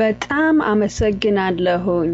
በጣም አመሰግናለሁኝ